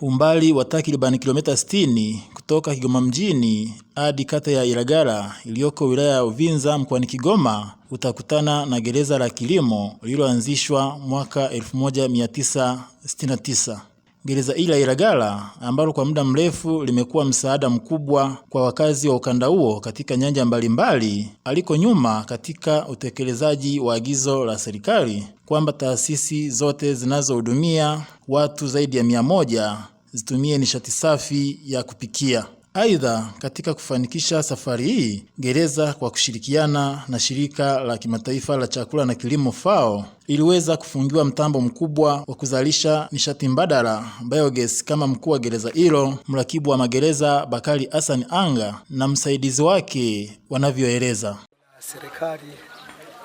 umbali wa takribani kilomita 60 kutoka Kigoma mjini hadi kata ya Ilagala iliyoko wilaya ya Uvinza mkoani Kigoma utakutana na gereza la kilimo lililoanzishwa mwaka 1969. Gereza hili la Ilagala ambalo kwa muda mrefu limekuwa msaada mkubwa kwa wakazi wa ukanda huo katika nyanja mbalimbali, aliko nyuma katika utekelezaji wa agizo la serikali kwamba taasisi zote zinazohudumia watu zaidi ya mia moja zitumie nishati safi ya kupikia. Aidha, katika kufanikisha safari hii, gereza kwa kushirikiana na shirika la kimataifa la chakula na kilimo FAO iliweza kufungiwa mtambo mkubwa wa kuzalisha nishati mbadala biogas. Kama mkuu wa gereza hilo, mrakibu wa magereza Bakari Hassan Anga na msaidizi wake wanavyoeleza, serikali,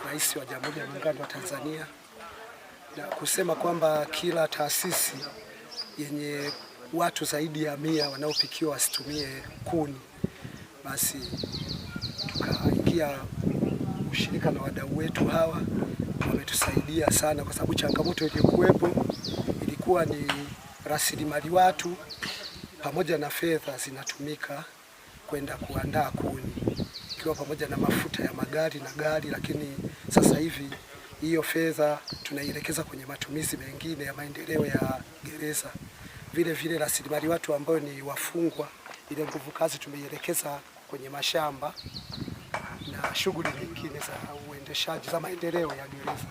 Rais wa Jamhuri ya Muungano wa Tanzania, na kusema kwamba kila taasisi yenye watu zaidi ya mia wanaopikiwa wasitumie kuni. Basi tukaingia ushirika na wadau wetu hawa, wametusaidia sana, kwa sababu changamoto iliyokuwepo ilikuwa ni rasilimali watu pamoja na fedha zinatumika kwenda kuandaa kuni, ikiwa pamoja na mafuta ya magari na gari, lakini sasa hivi hiyo fedha tunaielekeza kwenye matumizi mengine ya maendeleo ya gereza vile vile rasilimali watu ambao ni wafungwa, ile nguvu kazi tumeielekeza kwenye mashamba na shughuli nyingine za uendeshaji za maendeleo ya gereza.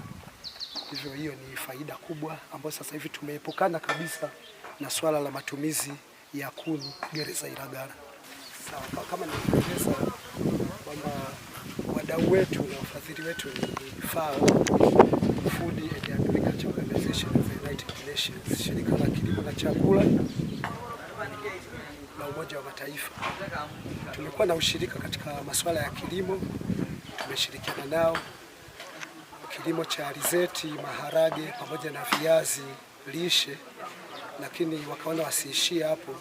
Hivyo hiyo ni faida kubwa ambayo sasa hivi tumeepukana kabisa na swala la matumizi ya kuni gereza Ilagala. Sawa, kama nilivyoeleza kwamba wadau wetu na wafadhili wetu ni FAO, Food and Agriculture Organization of the United Nations, shirika la kilimo na chakula la Umoja wa Mataifa. Tumekuwa na ushirika katika masuala ya kilimo, tumeshirikiana nao kilimo cha alizeti, maharage pamoja na viazi lishe, lakini wakaona wasiishie hapo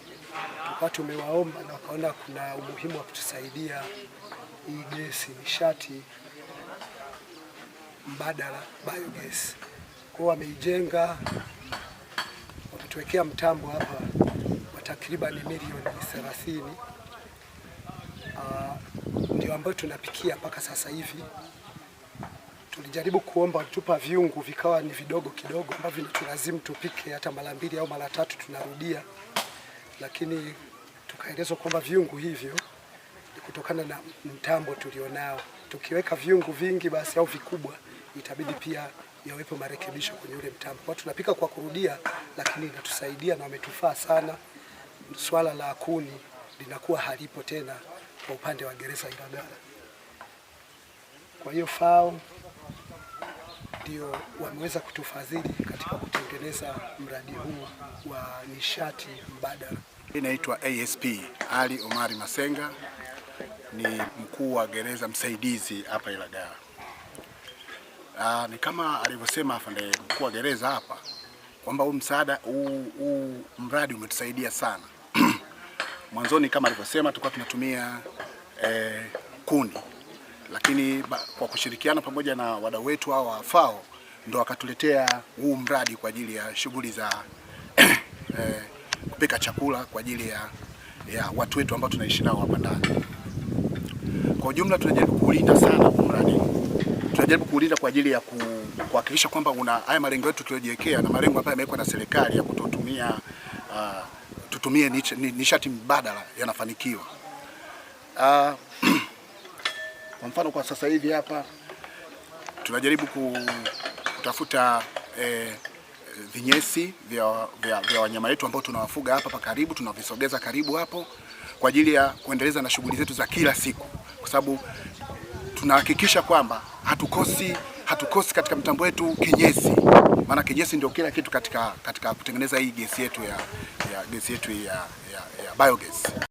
watu umewaomba na wakaona kuna umuhimu wa kutusaidia hii gesi, nishati mbadala biogas. Kwao wameijenga, wametuwekea mtambo hapa wa takriban milioni thelathini ah, ndio ambayo tunapikia mpaka sasa hivi. Tulijaribu kuomba tupa viungu vikawa ni vidogo kidogo ambavyo tulazimu tupike hata mara mbili au mara tatu tunarudia, lakini Kaelezwa kwamba viungu hivyo ni kutokana na mtambo tulionao. Tukiweka viungu vingi basi au vikubwa, itabidi pia yawepo marekebisho kwenye ule mtambo. Kwa tunapika kwa kurudia, lakini inatusaidia na wametufaa sana. Swala la kuni linakuwa halipo tena kwa upande wa gereza Ilagala. Kwa hiyo FAO ndio wameweza kutufadhili katika kutengeneza mradi huu wa nishati mbadala. Inaitwa ASP Ali Omari Masenga, ni mkuu wa gereza msaidizi hapa Ilagala. Aa, ah, ni kama alivyosema afande mkuu wa gereza hapa kwamba huu msaada huu mradi umetusaidia sana mwanzoni kama alivyosema tulikuwa tunatumia eh, kuni lakini ba, kwa kushirikiana pamoja na wadau wetu hao wa FAO ndo wakatuletea huu mradi kwa ajili ya shughuli za eh, kupika chakula kwa ajili ya, ya watu wetu ambao tunaishi nao hapa ndani. Kwa ujumla, tunajaribu kulinda sana mradi, tunajaribu kuulinda kwa ajili ya kuhakikisha kwamba una haya malengo yetu tuliojiwekea na malengo ambayo yamewekwa na serikali ya kutotumia uh, tutumie nishati mbadala yanafanikiwa. Uh, kwa mfano kwa sasa hivi hapa tunajaribu kutafuta eh, vinyesi vya, vya, vya wanyama wetu ambao tunawafuga hapa hapa karibu, tunavisogeza karibu hapo kwa ajili ya kuendeleza na shughuli zetu za kila siku, kwa sababu tunahakikisha kwamba hatukosi hatukosi katika mtambo wetu kinyesi, maana kinyesi ndio kila kitu katika katika kutengeneza hii gesi yetu ya, ya gesi yetu ya, ya, ya biogas.